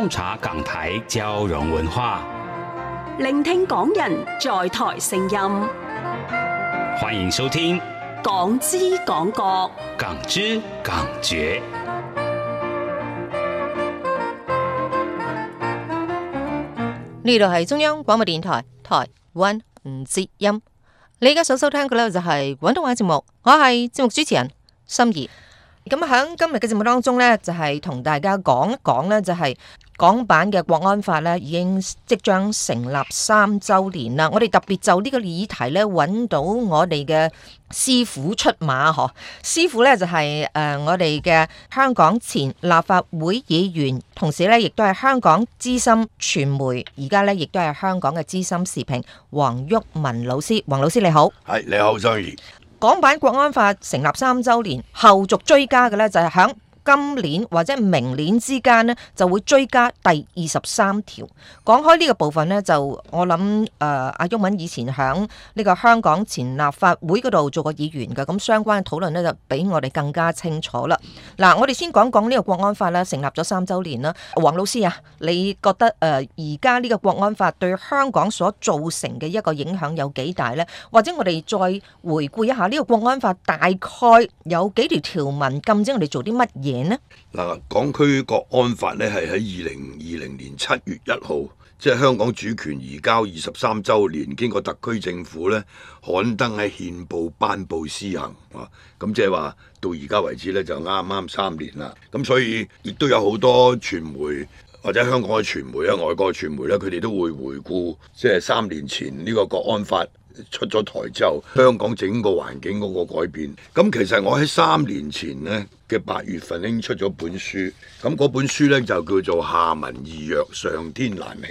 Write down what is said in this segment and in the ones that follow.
洞察港台交融文化，聆聽港人在台聲音，歡迎收聽《港，港，港知港覺》。港知港覺，呢度係中央廣播電台台灣之音，你而家所收聽嘅呢，就係廣東話節目，我係節目主持人心怡。咁喺今日嘅節目當中呢，就係、是、同大家講一講呢就係、是、港版嘅國安法呢，已經即將成立三週年啦。我哋特別就呢個議題呢，揾到我哋嘅師傅出馬嗬。師傅呢，就係、是、誒、呃，我哋嘅香港前立法會議員，同時呢，亦都係香港資深傳媒，而家呢，亦都係香港嘅資深時評黃毓民老師。黃老師你好，係你好，張儀。港版國安法成立三週年，後續追加嘅呢，就係響。今年或者明年之間呢，就會追加第二十三條。講開呢個部分呢，就我諗誒，阿、呃、毓民以前喺呢個香港前立法會嗰度做過議員嘅，咁相關嘅討論呢，就比我哋更加清楚啦。嗱，我哋先講講呢個國安法咧，成立咗三週年啦。黃老師啊，你覺得誒而家呢個國安法對香港所造成嘅一個影響有幾大呢？或者我哋再回顧一下呢個國安法大概有幾條條文禁止我哋做啲乜嘢？嗱，港區國安法呢係喺二零二零年七月一號，即係香港主權移交二十三週年，經過特區政府呢刊登喺憲報、頒布施行啊。咁即係話到而家為止呢就啱啱三年啦。咁所以亦都有好多傳媒或者香港嘅傳媒啊、外國嘅傳媒呢，佢哋都會回顧即係三年前呢個國安法。出咗台之後，香港整個環境嗰個改變，咁其實我喺三年前呢嘅八月份拎出咗本書，咁嗰本書呢就叫做《下民易虐，上天難欺》。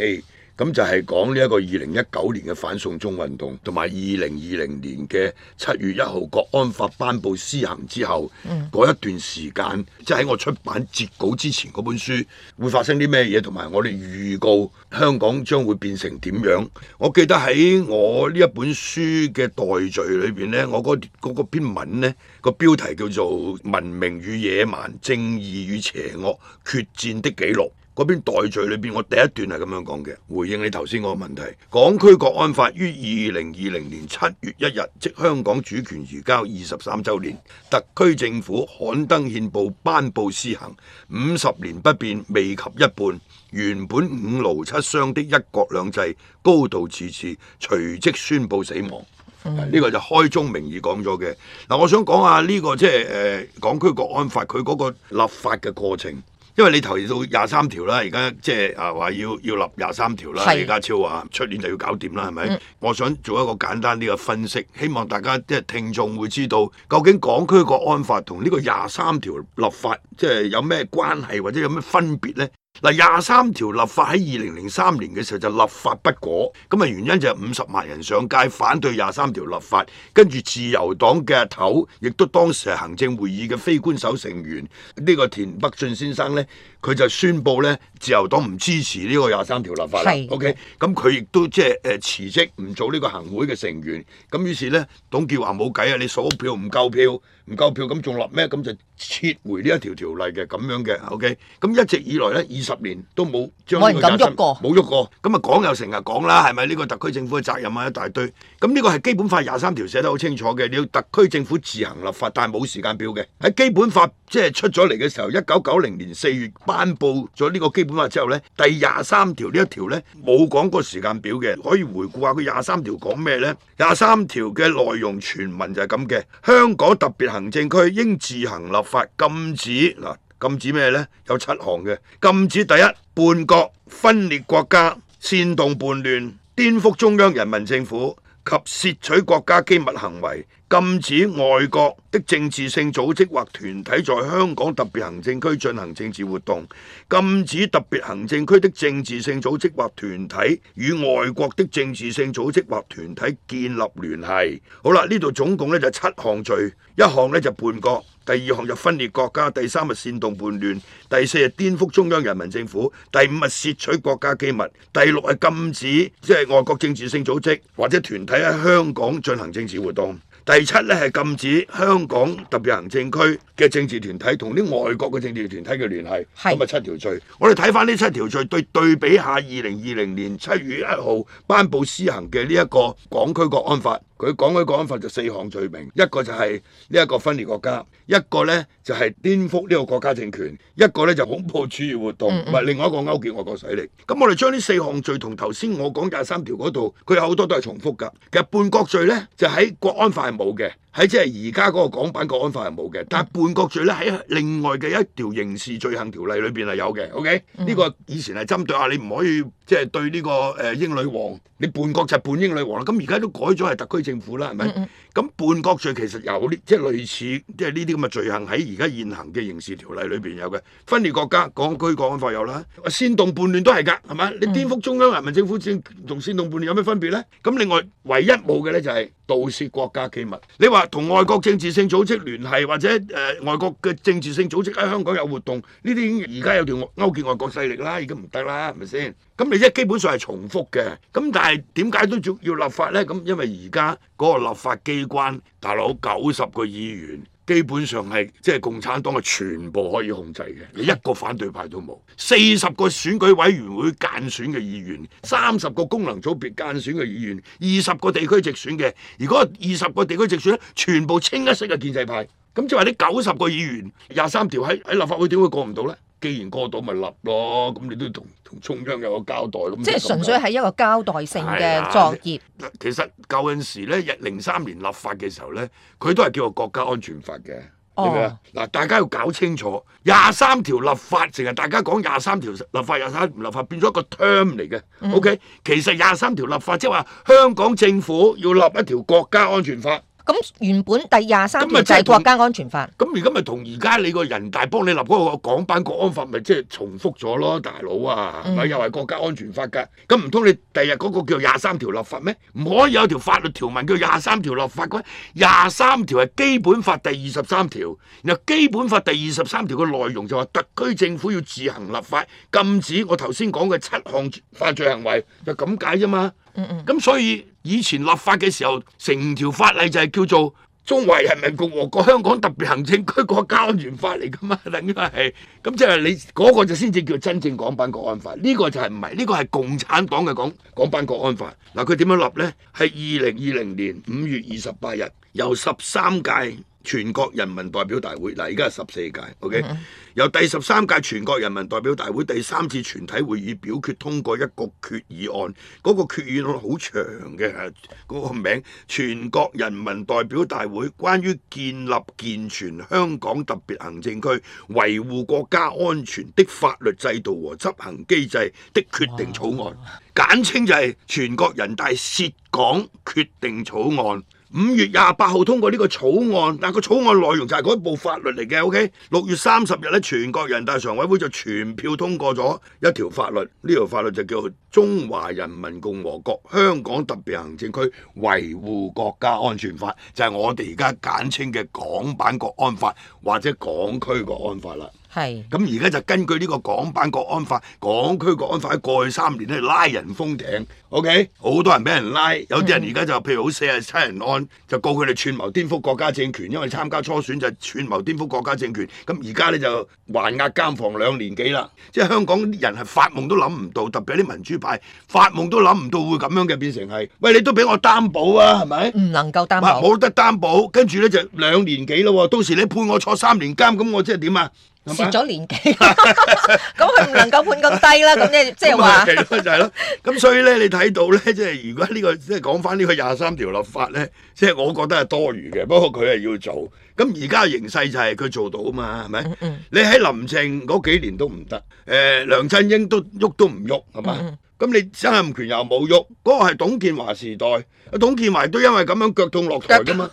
咁就係講呢一個二零一九年嘅反送中運動，同埋二零二零年嘅七月一號《國安法》頒布施行之後，嗰、嗯、一段時間，即係喺我出版截稿之前嗰本書會發生啲咩嘢，同埋我哋預告香港將會變成點樣？我記得喺我呢一本書嘅代序裏邊呢，我嗰個、嗰個篇文呢、嗰個標題叫做《文明與野蠻，正義與邪惡決戰的記錄》。嗰邊代罪裏邊，我第一段係咁樣講嘅，回應你頭先嗰個問題。港區國安法於二零二零年七月一日，即香港主權移交二十三週年，特區政府刊登憲報，頒布施行，五十年不變未及一半，原本五勞七傷的一國兩制高度自治，隨即宣布死亡。呢的個就開宗明義講咗嘅。嗱，我想講下呢個即係誒港區國安法佢嗰個立法嘅過程。因為你提到廿三條啦，而家即係啊話要要立廿三條啦，是李家超話出年就要搞掂啦，係咪？嗯、我想做一個簡單啲嘅分析，希望大家即係聽眾會知道，究竟港區國安法同呢個廿三條立法即係有咩關係，或者有咩分別呢？嗱，廿三條立法喺二零零三年嘅時候就立法不果，咁啊原因就係五十萬人上街反對廿三條立法，跟住自由黨嘅阿頭，亦都當時係行政會議嘅非官守成員，呢個田北俊先生呢。佢就宣布咧，自由黨唔支持呢個廿三條立法。O K，咁佢亦都即係誒辭職，唔做呢個行會嘅成員。咁於是咧，董建華冇計啊，你數票唔夠票，唔夠票咁仲立咩？咁就撤回呢一條條例嘅咁樣嘅。O K，咁一直以來咧，二十年都冇將佢冇喐過。冇喐過。咁啊講又成日講啦，係咪呢個特區政府嘅責任啊一大堆？咁呢個係基本法廿三條寫得好清楚嘅，你要特區政府自行立法，但係冇時間表嘅。喺基本法即係、就是、出咗嚟嘅時候，一九九零年四月。頒布咗呢個基本法之後呢，第廿三條呢一條呢冇講個時間表嘅，可以回顧下佢廿三條講咩呢？廿三條嘅內容全文就係咁嘅：香港特別行政區應自行立法禁止。嗱，禁止咩呢？有七項嘅禁止第一，叛國分裂國家、煽動叛亂、顛覆中央人民政府及竊取國家機密行為。禁止外國的政治性組織或團體在香港特別行政區進行政治活動；禁止特別行政區的政治性組織或團體與外國的政治性組織或團體建立聯繫。好啦，呢度總共咧就七項罪，一項咧就叛國，第二項就分裂國家，第三係煽動叛亂，第四係顛覆中央人民政府，第五係竊取國家機密，第六係禁止即係、就是、外國政治性組織或者團體喺香港進行政治活動。第七咧係禁止香港特別行政區嘅政治團體同啲外國嘅政治團體嘅聯繫，咁啊是七條罪。我哋睇翻呢七條罪對對比下二零二零年七月一號頒布施行嘅呢一個港區國安法。佢講嘅國安法就四項罪名，一個就係呢一個分裂國家，一個呢就係顛覆呢個國家政權，一個呢就恐怖主義活動，唔係、嗯嗯、另外一個勾結外國勢力。咁我哋將呢四項罪同頭先我講廿三條嗰度，佢有好多都係重複㗎。其實叛國罪呢，就喺國安法係冇嘅。喺即係而家嗰個港版《國安法》係冇嘅，但係叛國罪咧喺另外嘅一條刑事罪行條例裏邊係有嘅。OK，呢個以前係針對啊，你唔可以即係、就是、對呢個誒英女王，你叛國就叛英女王啦。咁而家都改咗係特區政府啦，係咪？嗯嗯。咁叛國罪其實有啲即係類似，即係呢啲咁嘅罪行喺而家現行嘅刑事條例裏邊有嘅分裂國家，港區國安法有啦。我煽動叛亂都係㗎，係嘛？你顛覆中央人民政府政同煽動叛亂有咩分別咧？咁另外唯一冇嘅咧就係盜竊國家機密。你話同外國政治性組織聯繫，或者誒外國嘅政治性組織喺香港有活動，呢啲已經而家有條勾結外國勢力啦，已經唔得啦，係咪先？咁你即係基本上係重複嘅。咁但係點解都要要立法咧？咁因為而家。嗰個立法機關大佬九十個議員基本上係即係共產黨係全部可以控制嘅，你一個反對派都冇。四十個選舉委員會間選嘅議員，三十個功能組別間選嘅議員，二十個地區直選嘅。如果二十個地區直選全部清一色嘅建制派，咁即係話呢九十個議員廿三條喺喺立法會點會過唔到呢？既然過到咪立咯，咁你都要同同中央有個交代咁。即係純粹係一個交代性嘅作業、哎。其實舊陣時咧，零三年立法嘅時候咧，佢都係叫做國家安全法嘅。嗱、哦，大家要搞清楚廿三條立法，淨係大家講廿三條立法、廿三條立法變咗一個 term 嚟嘅。OK，、嗯、其實廿三條立法即係話香港政府要立一條國家安全法。咁原本第廿三條就係國家安全法，咁而家咪同而家你個人大幫你立嗰個港版國安法，咪即係重複咗咯，大佬啊，咪、嗯、又係國家安全法噶？咁唔通你第日嗰個叫廿三條立法咩？唔可以有條法律條文叫廿三條立法噶？廿三條係基本法第二十三條，然後基本法第二十三條嘅內容就話特區政府要自行立法禁止我頭先講嘅七項犯罪行為，就咁解啫嘛。嗯咁、嗯、所以。以前立法嘅時候，成條法例就係叫做《中華人民共和國香港特別行政區國家安全法》嚟噶嘛，等於係，咁即係你嗰個就先至叫真正港版國安法，呢個就係唔係，呢個係共產黨嘅港港版國安法。嗱，佢點樣立呢？係二零二零年五月二十八日，由十三屆全國人民代表大會嗱，而家係十四屆，OK，mm hmm。由第十三屆全國人民代表大會第三次全體會議表決通過一個決議案，嗰個決議案好長嘅，嗰個名《全國人民代表大會關於建立健全香港特別行政區維護國家安全的法律制度和執行機制的決定草案》，Wow。簡稱就係全國人大涉港決定草案。五月廿八號通過呢個草案，但個草案內容就係嗰一部法律嚟嘅。OK，六月三十日咧，全國人大常委會就全票通過咗一條法律，呢條法律就叫《中華人民共和國香港特別行政區維護國家安全法》，就係我哋而家簡稱嘅港版國安法或者港區國安法啦。係咁，而家就根據呢個港版國安法、港區國安法喺過去三年咧，拉人封艇，OK，好多人俾人拉，有啲人而家就譬如好似啊四十七人案，嗯、就告佢哋串謀顛覆國家政權，因為參加初選就串謀顛覆國家政權。咁而家咧就還押監房兩年幾啦，即係香港啲人係發夢都諗唔到，特別有啲民主派發夢都諗唔到會咁樣嘅變成係，喂，你都俾我擔保啊，係咪？唔能夠擔保，冇得擔保。跟住咧就兩年幾咯，到時你判我坐三年監，咁我即係點啊？蝕咗年紀，咁佢唔能夠判咁低啦。咁即係即係話，就係、是、咯。咁所以咧，你睇到咧，即係如果呢、這個即係、就是、講返呢個廿三條立法咧，即、就、係、是、我覺得係多餘嘅。不過佢係要做。咁而家嘅形勢就係佢做到啊嘛，係咪？嗯嗯、你喺林鄭嗰幾年都唔得。誒，梁振英都喐都唔喐，係嘛？咁、嗯、你曾蔭權又冇喐，嗰、那個係董建華時代。阿董建華都因為咁樣腳痛落台㗎嘛。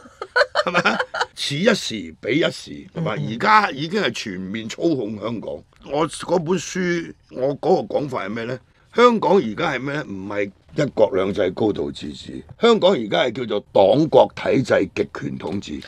係嘛？ 此一時彼一時，係嘛？而家已經係全面操控香港。我本書，我嗰個講法係咩呢？香港而家係咩？唔係一國兩制高度自治，香港而家係叫做黨國體制極權統治。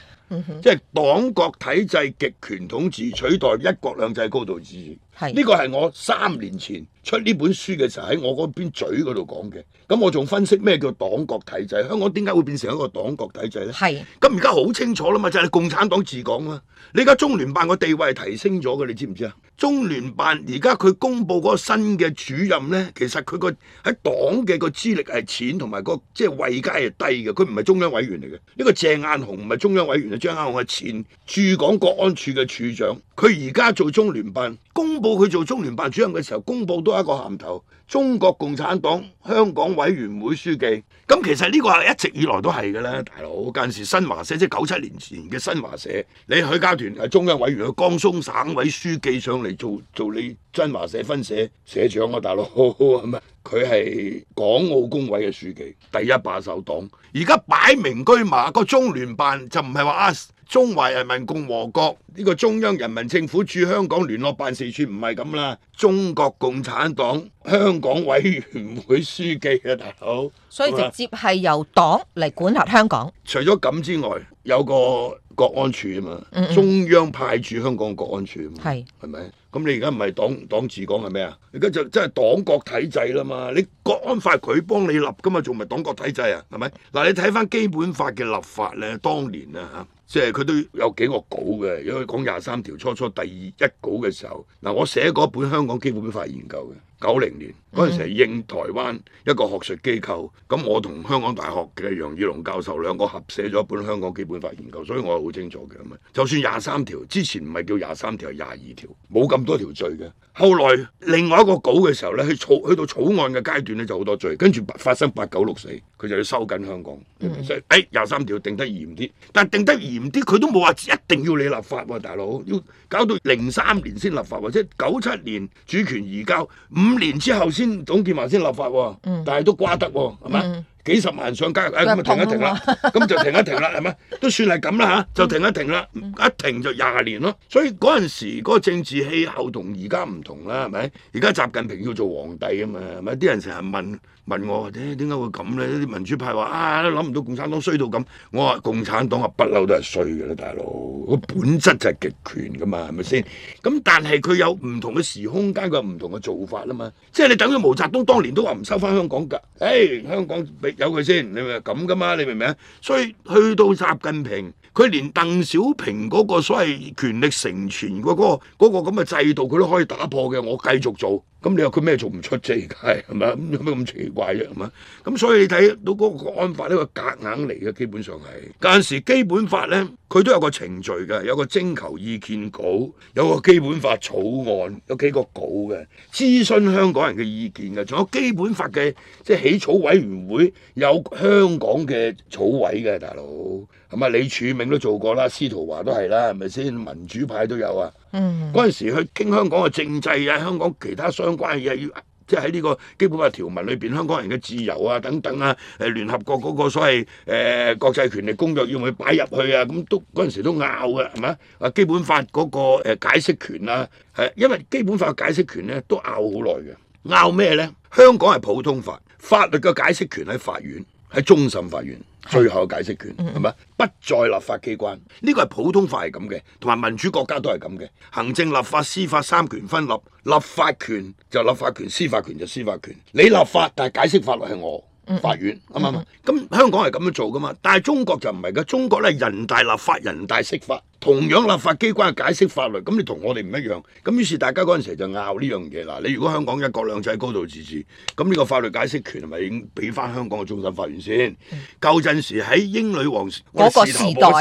即係黨國體制極權統治取代一國兩制高度自治。呢個係我三年前出呢本書嘅時候喺我嗰邊嘴嗰度講嘅，咁我仲分析咩叫黨國體制？香港點解會變成一個黨國體制呢？係是，咁而家好清楚啦嘛，就係、是、共產黨治港嘛。你而家中聯辦個地位提升咗嘅，你知唔知啊？中聯辦而家佢公布嗰個新嘅主任呢，其實佢個喺黨嘅個資歷係淺，同埋個即係位階係低嘅。佢唔係中央委員嚟嘅，呢個鄭雁雄唔係中央委員，係、這個、張雁雄係前駐港國安處嘅處長。佢而家做中聯辦，公佈佢做中聯辦主任嘅時候，公佈都係一個銜頭，中國共產黨香港委員會書記。咁其實呢個係一直以來都係嘅啦，大佬。嗰陣時新華社，即係九七年前嘅新華社，你許家屯係中央委員，佢江蘇省委書記上嚟做做你真華社分社社長啊，大佬，好唔佢係港澳工委嘅書記，第一把手黨。而家擺明車馬，個中聯辦就唔係話啊，中華人民共和國呢個中央人民政府駐香港聯絡辦事處，唔係咁啦，中國共產黨香港委員會書記啊，大佬。所以直接係由黨嚟管轄香港。除咗咁之外，有個。國安處啊嘛，中央派駐香港國安處啊嘛，係係咪？咁、hmm. 你而家唔係黨黨治港係咩啊？而家就即係黨國體制啦嘛。你國安法佢幫你立㗎嘛，仲唔係黨國體制啊？係咪？嗱，你睇翻基本法嘅立法咧，當年啊嚇，即係佢都有幾個稿嘅。如果講廿三條初初第一稿嘅時候，嗱，我寫嗰本《香港基本法研究》嘅。九零年嗰陣時係應台灣一個學術機構，咁我同香港大學嘅楊宇龍教授兩個合寫咗一本《香港基本法研究》，所以我係好清楚嘅咁樣。就算廿三條之前唔係叫廿三條係廿二條，冇咁多條罪嘅。後來另外一個稿嘅時候咧，去草去到草案嘅階段咧就好多罪，跟住發生八九六四，佢就要收緊香港，所以誒廿三條定得嚴啲，但係定得嚴啲佢都冇話一定要你立法喎、啊，大佬要搞到零三年先立法，或者九七年主權移交五年之後先，董建華先立法、哦嗯、但係都瓜得喎、哦，係咪？嗯、幾十萬上街，咁、哎、咁、嗯嗯、停一停啦，咁 就停一停啦，係咪？都算係咁啦嚇，就停一停啦，嗯、一停就廿年咯。所以嗰陣時個政治氣候同而家唔同啦，係咪？而家習近平要做皇帝啊嘛，係咪？啲人成日問。問我誒點解會咁呢？啲民主派話啊，諗唔到共產黨衰到咁。我話共產黨啊，不嬲都係衰嘅咧，大佬。個本質就係極權噶嘛，係咪先？咁但係佢有唔同嘅時空間，佢有唔同嘅做法啦嘛。即係你等於毛澤東當年都話唔收翻香港噶。誒、欸，香港有佢先，你咪咁噶嘛，你明唔明啊？所以去到習近平，佢連鄧小平嗰個所謂權力成全、嗰個嗰、嗰個咁嘅制度，佢都可以打破嘅。我繼續做。咁你話佢咩做唔出啫？而家係咪啊？有咩咁奇怪啫？係嘛？咁所以你睇到嗰個案法呢個夾硬嚟嘅，基本上係。舊陣時基本法咧，佢都有個程序嘅，有個徵求意見稿，有個基本法草案，有幾個稿嘅，諮詢香港人嘅意見嘅，仲有基本法嘅即係起草委員會有香港嘅草委嘅，大佬。咁啊，李柱銘都做過啦，司徒華都係啦，係咪先？民主派都有啊。嗯，嗯。嗰陣時去傾香港嘅政制啊，香港其他相關嘅嘢，要即係喺呢個基本法條文裏邊，香港人嘅自由啊等等啊，誒聯合國嗰個所謂誒、呃、國際權力公約要唔要擺入去啊？咁都嗰陣時都拗嘅，係咪啊？基本法嗰個解釋權啊，係因為基本法解釋權咧都拗好耐嘅。拗咩咧？香港係普通法，法律嘅解釋權喺法院，喺終審法院。最後嘅解釋權係咪不在立法機關，呢個係普通法係咁嘅，同埋民主國家都係咁嘅。行政、立法、司法三權分立，立法權就立法權，司法權就司法權。你立法，但係解釋法律係我法院，啱唔啱？咁、嗯嗯嗯、香港係咁樣做噶嘛，但係中國就唔係噶。中國咧，人大立法，人大釋法。同樣立法機關嘅解釋法律，咁你同我哋唔一樣，咁於是大家嗰陣時就拗呢樣嘢啦。你如果香港一國兩制高度自治，咁呢個法律解釋權係咪已經俾翻香港嘅終審法院先？舊陣、嗯、時喺英女王嗰個時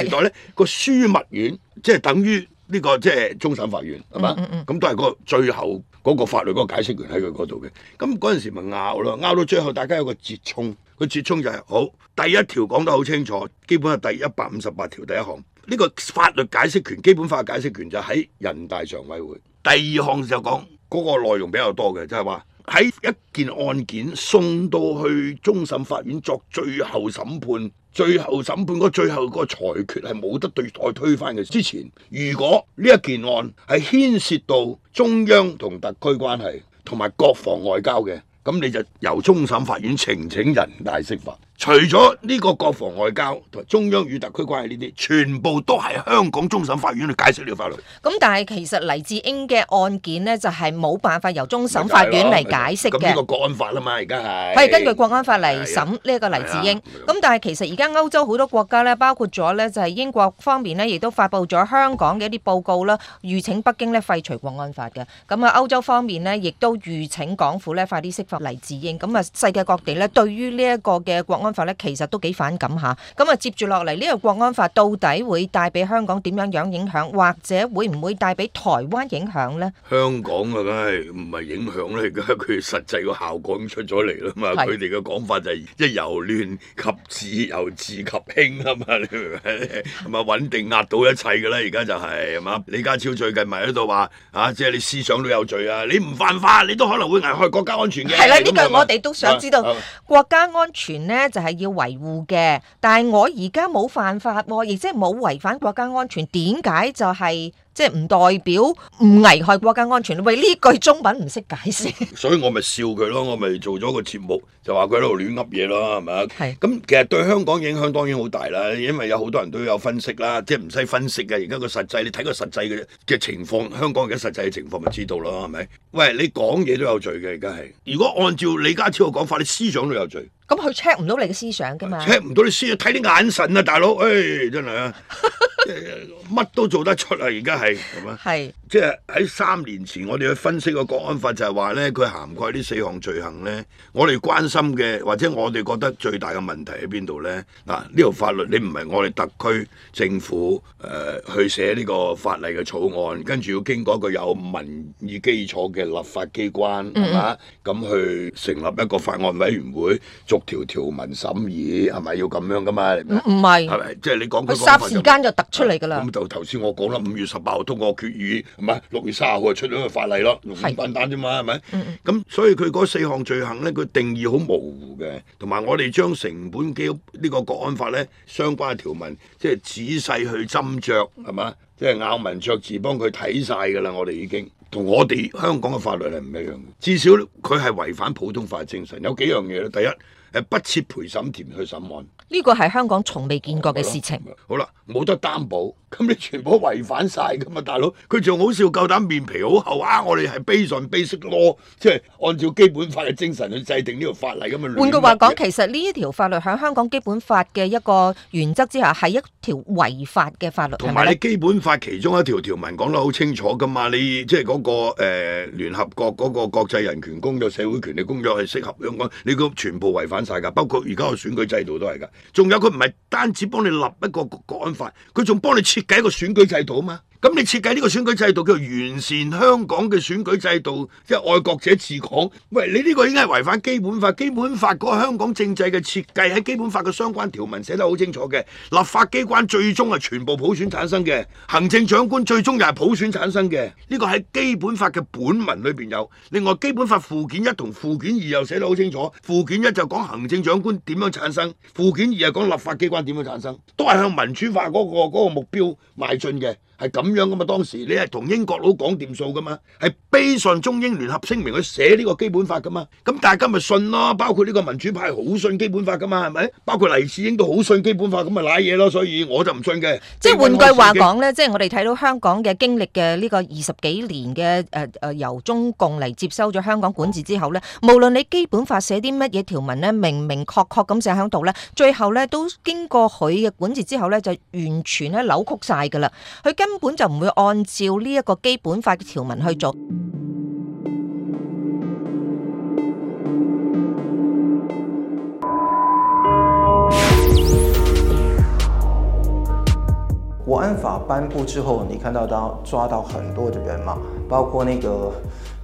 代咧，個樞密院即係、就是、等於呢、這個即係、就是、終審法院，係嘛？咁、嗯嗯、都係個最後嗰個法律嗰個解釋權喺佢嗰度嘅。咁嗰陣時咪拗咯，拗到最後大家有個折衷，個折衷就係、是、好第一條講得好清楚，基本上第一百五十八條第一項。呢個法律解釋權、基本法解釋權就喺人大常委會。第二項就講嗰、那個內容比較多嘅，就係話喺一件案件送到去終審法院作最後審判，最後審判嗰最後個裁決係冇得再推翻嘅之前。如果呢一件案係牽涉到中央同特區關係同埋國防外交嘅，咁你就由終審法院呈請人大釋法。除咗呢個國防外交同埋中央與特區關係呢啲，全部都係香港終審法院去解釋呢個法律。咁但係其實黎智英嘅案件呢，就係、是、冇辦法由終審法院嚟解釋嘅。呢個國安法啊嘛，而家係。係根據國安法嚟審呢一個黎智英。咁但係其實而家歐洲好多國家呢，包括咗呢就係、是、英國方面呢，亦都發布咗香港嘅一啲報告啦，預請北京呢廢除國安法嘅。咁啊，歐洲方面呢，亦都預請港府呢快啲釋放黎智英。咁啊，世界各地呢，對於呢一個嘅國安。法咧，其實都幾反感嚇。咁、嗯、啊，接住落嚟呢個國安法到底會帶俾香港點樣樣影響，或者會唔會帶俾台灣影響咧？香港啊，梗係唔係影響咧？而家佢實際個效果已經出咗嚟啦嘛。佢哋嘅講法就係、是、一由亂及治，由自及興啊嘛。你明唔明？咁啊是，穩定壓倒一切噶啦。而家就係、是、啊，李家超最近咪喺度話啊，即、就、係、是、你思想都有罪啊。你唔犯法，你都可能會危害國家安全嘅。係啦，呢個我哋都想知道國家安全咧。啊就係要維護嘅，但係我而家冇犯法，亦即係冇違反國家安全，點解就係即係唔代表唔危害國家安全？喂，呢句中文唔識解釋，所以我咪笑佢咯，我咪做咗個節目，就話佢喺度亂噏嘢啦，係咪啊？咁是，其實對香港影響當然好大啦，因為有好多人都有分析啦，即係唔使分析嘅，而家個實際，你睇個實際嘅嘅情況，香港而家實際嘅情況咪知道咯，係咪？喂，你講嘢都有罪嘅，而家係，如果按照李家超嘅講法，你思想都有罪。咁佢 check 唔到你嘅思想㗎嘛？check 唔到你思想，睇啲眼神啊，大佬，哎，真係啊，乜 都做得出啊，而家係，係，係。即係喺三年前，我哋去分析個《國安法》就是，就係話咧，佢涵蓋呢四項罪行咧。我哋關心嘅，或者我哋覺得最大嘅問題喺邊度咧？嗱，呢條法律你唔係我哋特區政府誒去寫呢個法例嘅草案，跟住要經過一個有民意基礎嘅立法機關，係嘛？嗯嗯，咁去成立一個法案委員會，逐條條文審議，係咪要咁樣噶嘛？唔唔係，係咪？即係你講佢霎時間就突出嚟㗎啦。咁就頭先我講啦，五月十八號通過決議。係六月三十號就出咗個法例咯，用名單啫嘛，係咪？咁所以佢嗰四項罪行咧，佢定義好模糊嘅。同埋我哋將成本基呢個國安法咧，相關嘅條文，即係仔細去斟酌，係嘛？即係咬文嚼字，幫佢睇晒噶啦，我哋已經同我哋香港嘅法律係唔一樣。至少佢係違反普通法精神。有幾樣嘢咧，第一，誒不設陪審團去審案，呢個係香港從未見過嘅事情。好啦，冇得擔保。咁你全部違反晒噶嘛，大佬？佢仲好笑，夠膽面皮好厚啊！我哋係悲憐悲識攞，即係按照基本法嘅精神去制定呢條法例咁樣。換句話講，其實呢一條法律喺香港基本法嘅一個原則之下，係一條違法嘅法律。同埋你基本法其中一條條文講得好清楚噶嘛，你即係嗰個誒、呃、聯合國嗰、那個國際人權公約、社會權利公約係適合香港，你個全部違反晒噶，包括而家嘅選舉制度都係噶。仲有佢唔係單止幫你立一個國安法，佢仲幫你。你改個選舉制度啊嘛！咁你設計呢個選舉制度叫做完善香港嘅選舉制度，即係愛國者治港。喂，你呢個應該係違反基本法。基本法嗰個香港政制嘅設計喺基本法嘅相關條文寫得好清楚嘅。立法機關最終係全部普選產生嘅，行政長官最終又係普選產生嘅。呢個喺基本法嘅本文裏邊有，另外基本法附件一同附件二又寫得好清楚。附件一就講行政長官點樣產生，附件二就講立法機關點樣產生，都係向民主化嗰個嗰個目標邁進嘅。係咁樣噶嘛？當時你係同英國佬講掂數噶嘛？係背信中英聯合聲明去寫呢個基本法噶嘛？咁大家咪信咯。包括呢個民主派好信基本法噶嘛？係咪？包括黎智英都好信基本法咁咪瀨嘢咯。所以我就唔信嘅。即係換句話講呢，即係我哋睇到香港嘅經歷嘅呢個二十幾年嘅誒誒，由中共嚟接收咗香港管治之後呢，無論你基本法寫啲乜嘢條文呢，明明確確咁寫喺度呢，最後呢都經過佢嘅管治之後呢，就完全咧扭曲晒噶啦。佢根本就唔會按照呢一個基本法嘅條文去做。國安法頒布之後，你看到到抓到很多嘅人嘛，包括那個。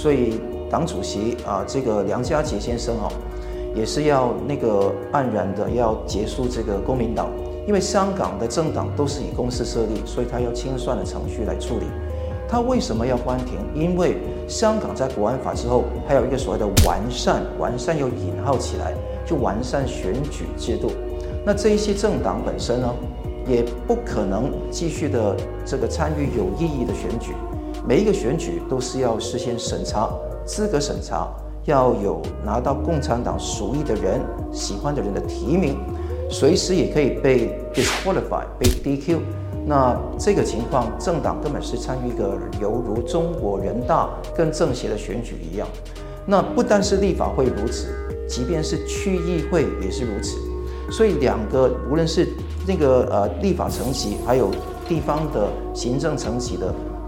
所以黨主席啊，這個梁家傑先生哦，也是要那個黯然的要結束這個公民黨。因為香港的政黨都是以公司設立，所以他要清算的程序來處理。他為什麼要關停？因為香港在國安法之後，還有一個所謂的完善，完善又引號起來，就完善選舉制度。那這一些政黨本身呢，也不可能繼續的這個參與有意義的選舉。每一個選舉都是要事先審查資格審查，要有拿到共產黨屬意的人、喜歡的人的提名，隨時也可以被 disqualify、被 DQ。那這個情況政黨根本是參與一個猶如中國人大跟政協的選舉一樣。那不但是立法會如此，即便是區議會也是如此。所以兩個，無論是那個呃立法層級，還有地方的行政層級的。